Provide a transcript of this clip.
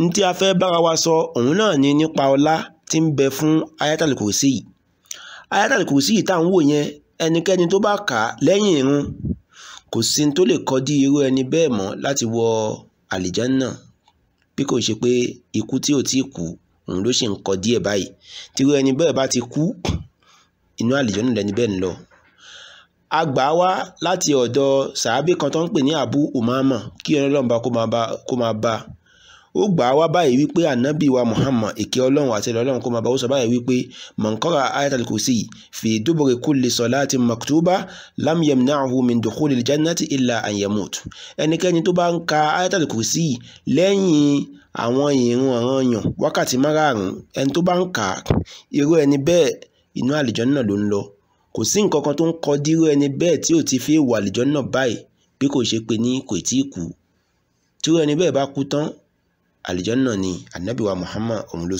n tí a fẹ́ bára wa sọ ohun náà ni nípa ọlá tí ń bẹ fún ayatul kùrùsì yìí ayatul kùrùsì yìí tá à ń wò yẹn ẹnikẹ́ni tó bá kà á lẹ́yìn irun kò sí tó lè kọdí irú ẹni bẹ́ẹ̀ mọ́ láti wọ àlìjánná bí kò ṣe pé ikú tí ò tí ì kú òun ló ṣe ń kọ díẹ̀ báyìí tírú ẹni bẹ́ẹ̀ bá ti kú inú àlìjánná lẹni bẹ́ẹ̀ ń lọ a gbà wá láti ọ̀dọ̀ sàábì kan tó ń pè ní Abu Umama kí Ọlọ́run bá kó máa bá ó gbà wá báyìí wípé ànábì wa muhammad èké ọlọ́run àti ọlọ́run kó máa bá ó sọ báyìí wípé mọ̀nkọ́ra ayatul kursi fi duburi kulli salati maktuba lam yamna'hu min dukhulil jannati illa an yamut ẹnikẹ́ni tó bá ń ka ayatul kursi lẹ́yìn àwọn ìrun ọ̀ràn yàn wákàtí márààrún ẹni tó bá ń kà á irú ẹni bẹ́ẹ̀ inú àlìjánnà ló ń lọ kò sí nǹkan kan tó ń kọ dírú ẹni bẹ́ẹ̀ tí ò ti fi àlìjọ́nnà ni ànábì wa muhammad òun ló